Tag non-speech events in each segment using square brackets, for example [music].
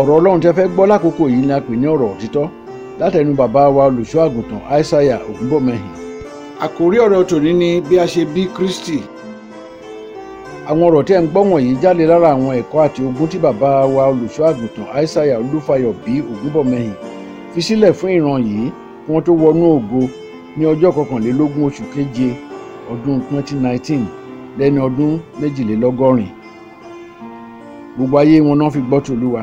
ọ̀rọ̀ ọlọ́run tẹ́ fẹ́ gbọ́ lákòókò yìí ni a pè ní ọ̀rọ̀ òtítọ́ látẹnu bàbá wa olùṣọ́ àgùntàn aishaiya ògúnbọ̀mẹ́hìn. àkòrí ọ̀rọ̀ tòní ni bí a ṣe bí kristi. àwọn ọ̀rọ̀ tẹ́ ń gbọ́ wọ̀nyí jáde lára àwọn ẹ̀kọ́ àti ogun tí bàbá wa olùṣọ́ àgùntàn aishaiya olúfayọ bí ògúnbọ̀mẹ́hìn fi sílẹ̀ fún ìran yìí kí wọ́n tó wọnú ògo ní ọjọ́ kọkànlélógún oṣù keje 2019 lẹ́ni ọdún méjìlélọ́gọ́rin gbogbo ayé wọn náà fi gbọ́ tòlúwa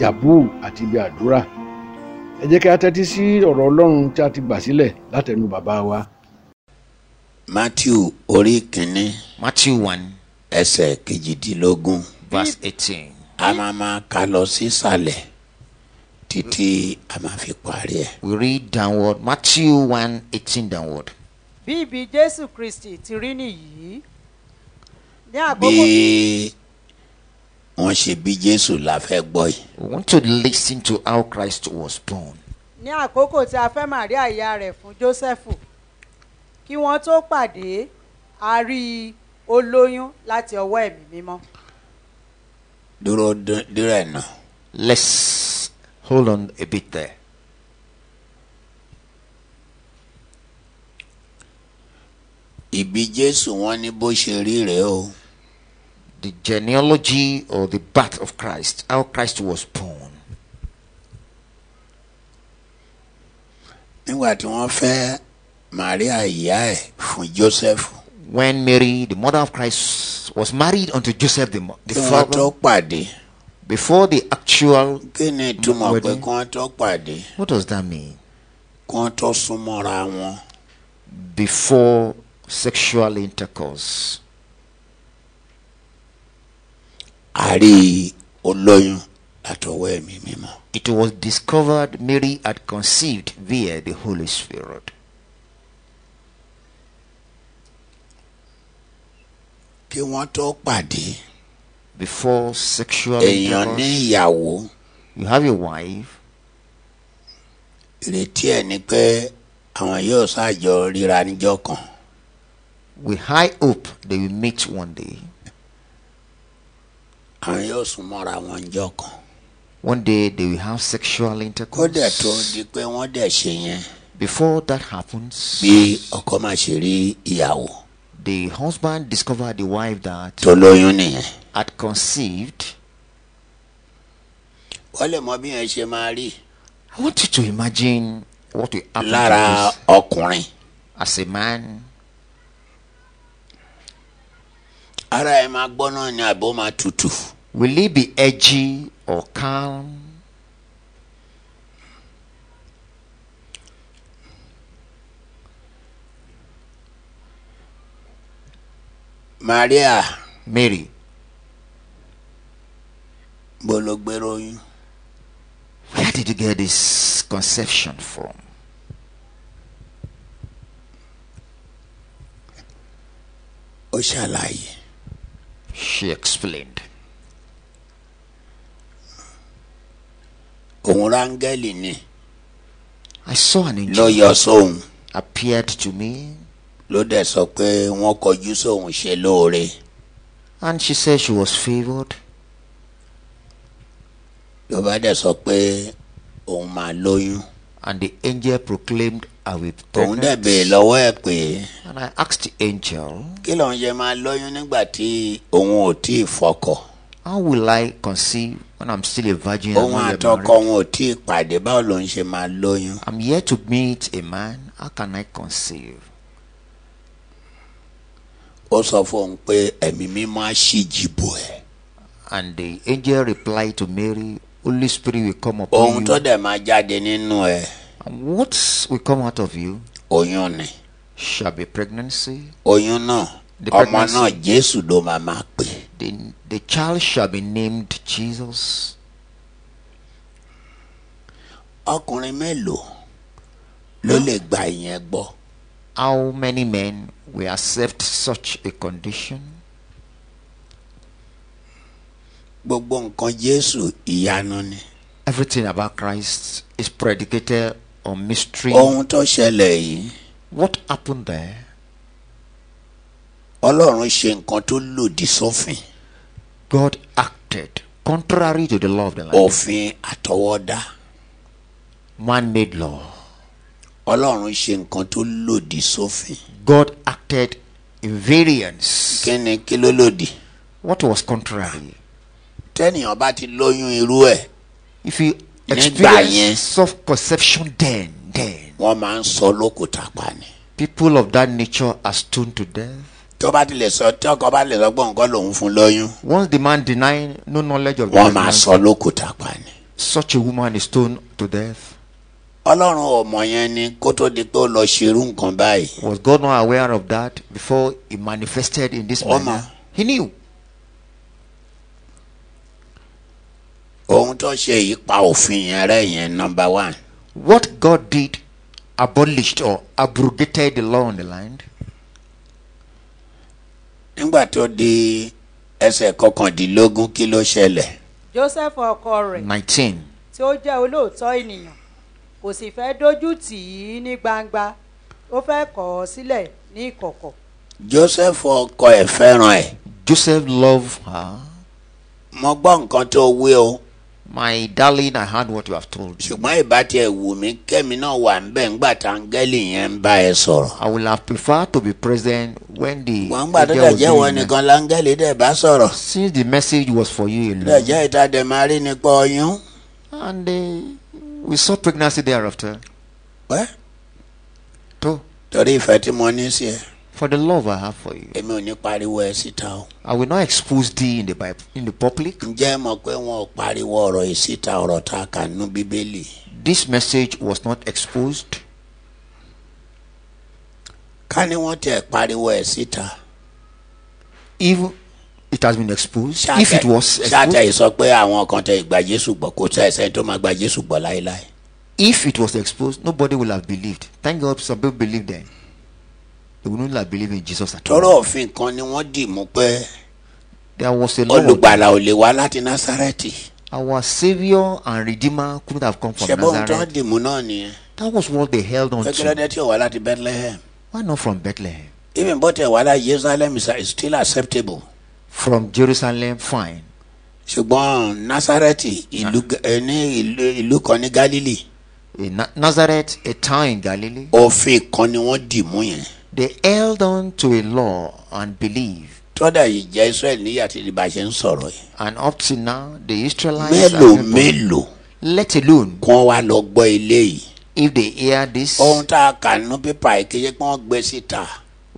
jàbú àti ibi àdúrà ẹ jẹ́ kí a tẹ́tí sí ọ̀rọ̀ ọlọ́run tí a ti gbà sílẹ̀ látẹnu bàbá wa. matthew orí kìíní. matthew one. ẹsẹ̀ kejìdínlógún. verse eighteen. a máa máa kà lọ sísàlẹ̀ títí a máa fi parí ẹ̀. we read downward matthew one eighteen downward. bí ibi jésù kristi ti rí nìyí. ní àkókò. bí wọ́n ṣe bí jésù la fẹ́ gbọ́ yìí. we want to listen to how Christ was born. ní àkókò tí a fẹ́ Màríà ìyá rẹ̀ fún Jósẹ́fù kí wọ́n tó pàdé a rí olóyún láti ọwọ́ ẹ̀mí mímọ́. dúró dúró ẹ̀ nà. let's hold on a bit there. ìbí jésù wọn ní bó ṣe rí rèé o. the genealogy or the birth of Christ, how Christ was born. When Mary, the mother of Christ, was married unto Joseph, the, the father, before the actual wedding, what does that mean? Before sexual intercourse àrí olóyún látọwọ́ ẹ̀mí mímọ́. It was discovered Mary had conceived via the Holy Spirit. Kí wọ́n tó pàdé. Before sexual intercourse. ní ìyàwó. You have a wife. Ìrètí ẹ̀ ni pé àwọn yóò ṣàjọ ríra níjọ́ kan. We high hope they will meet one day. àwọn yóò sún mọ́ra wọn jọ kan. one day they will have sexual intercourse. ó dẹ̀ tó di pé wọ́n dẹ̀ ṣe yẹn. before that happens. bí ọkọ máa ṣe rí ìyàwó. the husband discovered the wife that. tó lóyún nìyẹn. had conceived. wọ́n lè mọ bí yẹn ṣe máa rí. I want you to imagine what will happen. lára ọkùnrin. as a man. ara ẹ̀ máa gbọ́ náà ni àbí máa tutù. will he be edgy or calm? Maria. Mary. Bologberoyun. Where did you get this conception from? Ó ṣàlàyé. she explained. I saw an angel. your sóhun. Appeared to me. sọ pé wọ́n ṣe And she said she was favoured. Ló sọ pé òun lóyún. And the angel proclaimed I will pregnant. òun dẹ̀ lọ́wọ́ ẹ̀ pé. And I asked the angel. kí ló ń yẹ máa lóyún nígbà tí òun ò tí ì fọkọ. How will I conceive when I'm still a virgin? Òun àtọkọ òun ò tí ì pàdé báwo ló ń ṣe máa lóyún. I'm yet to meet a man. How can I conceive? Ó sọ fún òun pé ẹ̀mí mímọ́ á ṣíjì bò ẹ̀. And the angel replied to Mary. Holy Spirit will come upon you. And what will come out of you oyún shall be pregnancy. oyún náà ọmọ The, the child shall be named Jesus. How many men will accept such a condition? gbogbo nǹkan jésù ìyanu ni. everything about Christ is predicated on mystery. ohun tó ṣẹlẹ̀ yìí. what happened there. ọlọ́run ṣe nǹkan tó lòdì sófin. God acted contrary to the law of the land. òfin àtọwọ́dá. man made law. ọlọ́run ṣe nǹkan tó lòdì sófin. God acted in variance. kí ni kí ló lòdì. what was contrary. tẹ́nìyàn bá ti lóyún irú ẹ̀. if you experience soft perception then then. wọ́n máa ń sọ lókùtà pa ni. people of that nature are stoned to death. tó bá tilẹ̀ sọ tí ọkọ bá tilẹ̀ sọ gbọ́n nǹkan lòun fún lóyún. once the man deny no knowledge of. wọ́n máa sọ lókùtà pa ni. such a woman is stoned to death. ọlọ́run ọmọ yẹn ni kó tó di pé ó lọ ṣerú nǹkan báyìí. was God not aware of that before he manifested in this manner? he knew. ohun tó ṣe yìí pa òfin yẹn rẹ yẹn number one. what God did abolished or abrogated the law on the land. nígbà tó di ẹsẹ̀ kọkàndínlógún kí ló ṣẹlẹ̀. Joseph ọkọ rẹ̀. nineteen. tí ó jẹ́ olóòótọ́ ènìyàn kò sì fẹ́ dojú tì í ní gbangba ó fẹ́ kọ̀ ọ́ sílẹ̀ ní ìkọ̀kọ̀. Joseph ọkọ ẹ̀ fẹ́ràn ẹ̀. Joseph love her. mo gbọ́ nǹkan tó wí o my darling i heard what you have told me. ṣùgbọ́n ìbá tiẹ̀ wù mí kẹ́mi náà wà ń bẹ̀ ńgbà tá áńgẹ́lì yẹn ń bá ẹ sọ̀rọ̀. i would have prefer to be present when the. wọ́n gbà tó dẹ̀ jẹ́ wọn nìkan láńgẹ́lì dẹ̀ bá sọ̀rọ̀. since the message was for you alone. dẹ̀ ìta dẹ̀ máa rí nípa ọyún. and uh, we saw pregnancy thereafter. pẹ́. tó. torí ìfẹ́ tí mo ní sí ẹ. for the love I have for you. Èmi ò ní pariwo ẹ̀ síta o. ni pariwo sita oi will not expose thee in the Bible, in the public. Ǹjẹ́ ẹ mọ̀ pé wọn ò pariwo ọ̀rọ̀ ọ̀rọ̀ tá kà nínú Bíbélì? This message was not exposed. Ká ní wọ́n tẹ̀ pariwo síta. If it has been exposed, Shate, if it was exposed. Ṣáàtẹ̀ pé àwọn kan tẹ ìgbà Jésù gbọ́ kó ẹsẹ̀ tó máa gba Jésù gbọ́ láéláé. If it was exposed, nobody will have believed. Thank God some people believed then. they will believe in Jesus at all. tọrọ òfin kan ni wọ́n dì mú pé. there was a law. olùgbàlà ò lè wá láti Násárẹ́tì. our saviour and redeemer couldn't have come from Nazareth. ṣebọn tó dì mú náà nìyẹn. that was what they held on to. pẹkẹrẹdẹ tí ò wá láti Bethlehem. why not from Bethlehem. even but tẹ wá Jerusalem is still acceptable. from Jerusalem fine. ṣùgbọ́n Násárẹ́tì ìlú ìlú kan ní Galilee. Nazareth a town in Galilee. òfin kan ni wọ́n dì mú yẹn. they held on to a law and believed. tọ́dà israel níyà tí ń sọ̀rọ̀ yìí. and up to now the israelites. mélòó mélòó. let alone. wá lọ gbọ́ ilé yìí. if they hear this. ohun tá a kà nínú pépà yìí kéye kí wọ́n gbé síta.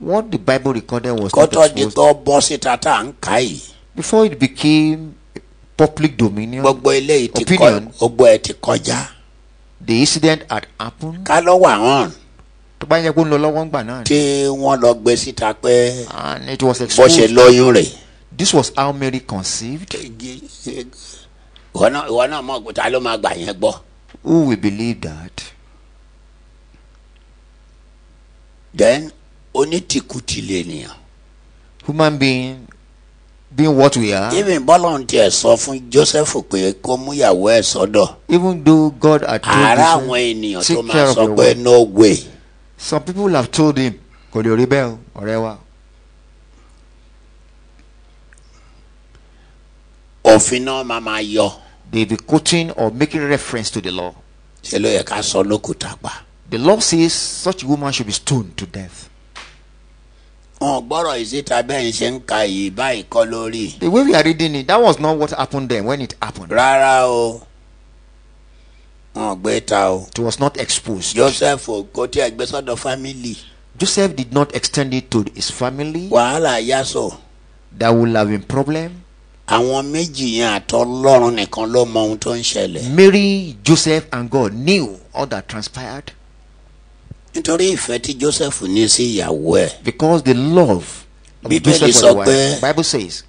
what the bible recorded was. kótó di tó bọ́ síta tá à ń kà yìí. before it became public dominion. gbogbo ilé yìí ti kọ gbogbo ẹ ti kọjá. the incident had happened. wà hàn. tó bá yẹ kó ń lọ lọ́wọ́ ńgbà náà. tí wọ́n lọ gbé síta pé bọ́sẹ̀ lọ́yún rẹ̀. this was how Mary conceived. ìwọ náà mọ̀ pé ta ló máa gbà yẹn gbọ́. who will believe that. then onítìkùtì lè nìyàn. human being being what we are. even bọ́lọ̀ntì ẹ̀ sọ fún Joseph pé kó mú ìyàwó ẹ̀ sọ́dọ̀. even though God had told you. ara àwọn ènìyàn tó máa sọ pé no way. Some people have told him, kò lè rí bẹ́ẹ̀ ọ̀rẹ́ wa. mama yọ. They be quoting or making reference to the law. The law says such a woman should be stoned to death. The way we are reading it, that was not what happened then when it happened. It was not exposed. Joseph the family. Joseph did not extend it to his family. That will have been problem. Mary, Joseph, and God knew all that transpired. Because the love of Joseph because the wife, Bible says.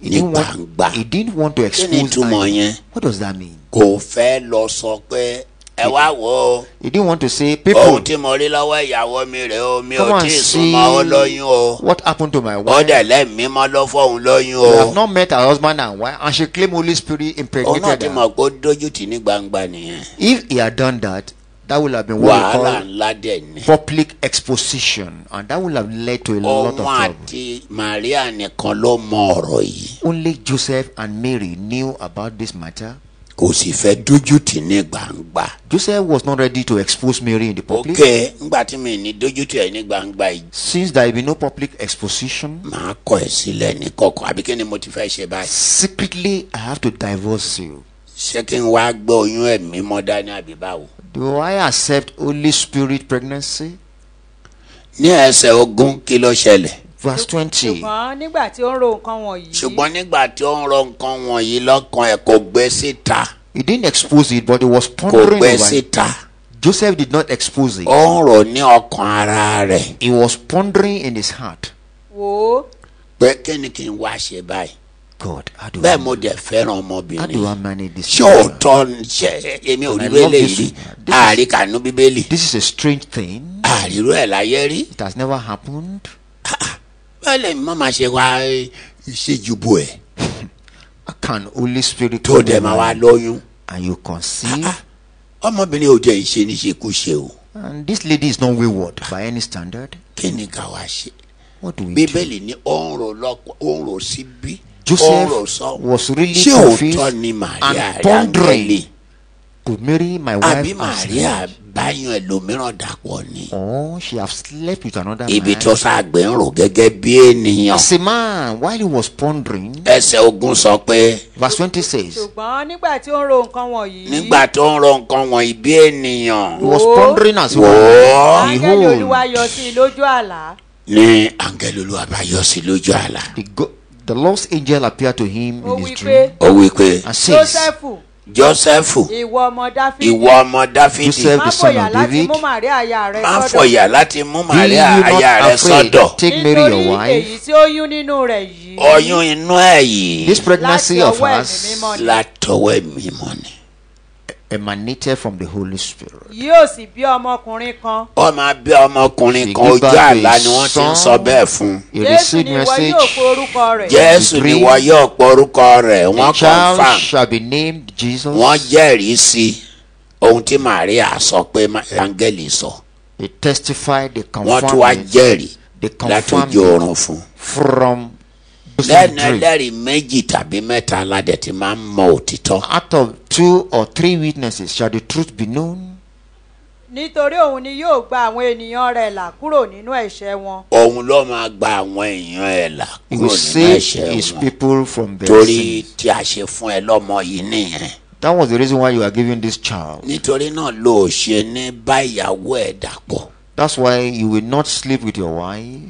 he didn't want he didn't want to expose my what does that mean. kò fẹ́ lọ sọ pé ẹ wá wo. he didn't want to say people. ohun tí mo rí lọ́wọ́ ìyàwó mi rẹ̀ o mi ò tí ì súnmọ́ ó o. what happened to my wife. ó dẹ̀ lẹ́mìí mọ́ ló fóun lóyún o. we have not met her husband and wife and she claim holy spirit impregnated her. ó náà ti mọ̀ pé ó dójú tì ní gbangba nìyẹn. if he had done that that will have been what we call public exposition and that will have led to a lot of trouble only joseph and mary knew about this matter kò sì fẹ́ dójú tì ní gbangba. joseph was not ready to expose mary in the public. ok ngbà tí mi ní dójú tì ẹ ní gbangba since there be no public exposition. màá kọ ẹ sílẹ̀ ní kọ̀kọ̀ àbí kí ni mo ti fẹ́ ṣe báyìí. secretly i have to divorce you. ṣé kí wá gbọ́ oyún ẹ̀mí mọ́ dání àbí do I accept Holy Spirit pregnancy? ní ẹsẹ̀ ogún kí ló ṣẹlẹ̀. verse twenty. ṣùgbọ́n nígbà tí ó ń ro nǹkan wọ̀nyí. ṣùgbọ́n nígbà tí ó ń ro nǹkan wọ̀nyí lọ́kàn ẹ̀ kò gbé síta. he didn't expose it but he was pondering over it. kò gbé síta. Joseph did not expose it. ó ń rò ní ọkàn ara rẹ̀. he was pondering in his heart. wò ó. pé kí ni kí n wá ṣe báyìí. God, how do bẹ́ẹ̀ mo dẹ̀ fẹ́ràn ọmọbìnrin. how do I manage this? ṣé òótọ́ ṣe èmi ò rí wẹ́lẹ̀ yìí àárí kànú bíbélì. this is a strange thing. àríró ẹ̀ láyé rí. it has never happened. bẹ́ẹ̀ lè mọ́ máa ṣe wá ìṣèjúbọ ẹ̀. I [laughs] can only spirit. tó dẹ̀ máa wá lóyún. and you conceive. Ah, ah. ọmọbìnrin ò jẹ́ ìṣeníṣekúṣe o. and this lady is not wayward by any standard. kí ni ká wá ṣe. what do we do? bíbélì ní òun rò lọ́pọ̀ rò síbí. Si Joseph was really confused and pondering to marry my wife as Maria báyọ̀ ẹlòmíràn dàpọ̀ ni. oh she have slept with another man. ibi tó ṣàgbé ń rò gẹ́gẹ́ bí ènìyàn. as a man while he was pondering. ẹsẹ̀ ogun sọ pé. verse twenty six. ṣùgbọ́n nígbà tí ó ń ro nǹkan wọ̀nyí. nígbà tó ń ro nǹkan wọ̀nyí bí ènìyàn. he was pondering as well. wòó. áńgẹ́lì olúwa yọ sí i lójú àlá. ní áńgẹ́lì olúwa bá yọ sí i lójú àlá the lost angel appeared to him in his dream. ó wí pé and says joseph ìwọ ọmọ dáfídì joseph the son of david má fọyà láti mú màríà aya rẹ sọ́dọ̀ nítorí èyí tí ó yún nínú rẹ̀ yìí oyún inú ẹ̀ yìí this pregnancy of us látọwọ́ ẹ̀mí mímọ́ ni emanated from the Holy Spirit. Yóò sì bí ọmọkùnrin kan. Ó máa bí ọmọkùnrin kan ojú àlá ni wọ́n ti ń sọ bẹ́ẹ̀ fún. Jésù ni wọ́n yóò pe orúkọ rẹ̀. Jésù ni wọ́n yóò pe orúkọ rẹ̀. Wọ́n confam. The child shall be named Jesus. Wọ́n jẹ́rìí sí ohun tí Màríà sọ pé Áńgẹ́lì sọ. They testified they confirmed. Wọ́n tún wá jẹ́rìí. They confirmed. Látòjú oorun fún. From lẹ́nu méjì tàbí mẹ́ta aládẹ ti máa ń mọ òtítọ́. out of two or three witnesses shall the truth be known. nítorí òun ni yóò gba àwọn ènìyàn rẹ̀ là kúrò nínú ẹ̀ṣẹ̀ wọn. òun ló máa gba àwọn èèyàn ẹ̀ là kúrò nínú ẹ̀ṣẹ̀ wọn. he saved his people from their sins. torí tí a ṣe fún ẹ lọ́mọ yìí nìyẹn. that was the reason why you were given this child. nítorí náà ló ṣe ní bá ìyàwó ẹ̀ dàpọ̀. that's why you will not sleep with your wife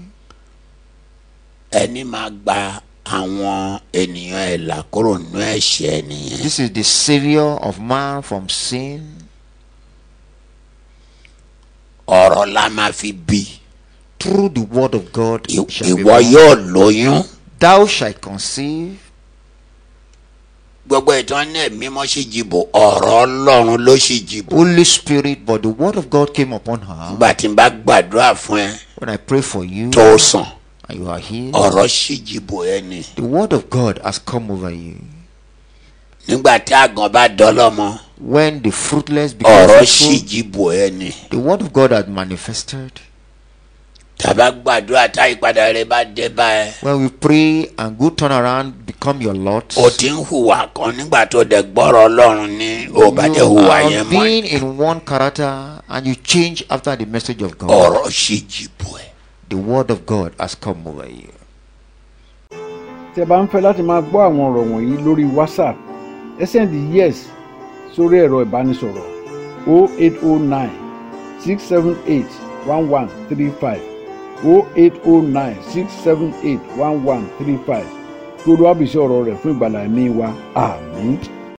ẹni máa gba àwọn ènìyàn ẹ̀ là kúrò nínú ẹ̀ṣẹ̀ nìyẹn. This is the saviour of man from sin. ọ̀rọ̀ la máa fi bí. Through the word of God. ìwọ yóò lóyún. Thou shalt conceive. gbogbo ìtàn náà mímọ́ sí jìbò ọ̀rọ̀ ọlọ́run ló sì jìbò. holy spirit but the word of God came upon her. nígbà tí n bá gbàdúrà fún ẹ. when I pray for you. tó sàn. and you are healed. the word of God has come over you. when the fruitless become fruitful. the word of God had manifested. when we pray and good turn around become your lot. you are being in one character and you change after the message of God. the word of God has come over you. tí ẹ bá ń fẹ́ láti máa gbọ́ àwọn ọ̀rọ̀ wọ̀nyí lórí whatsapp ẹ sẹ́ndì yes sórí ẹ̀rọ ìbánisọ̀rọ̀ 0809 678 1135 0809 678 1135 tó lọ́wọ́ àbísí ọ̀rọ̀ rẹ̀ fún ìgbàlá ẹ̀mí wa àmín. Ah,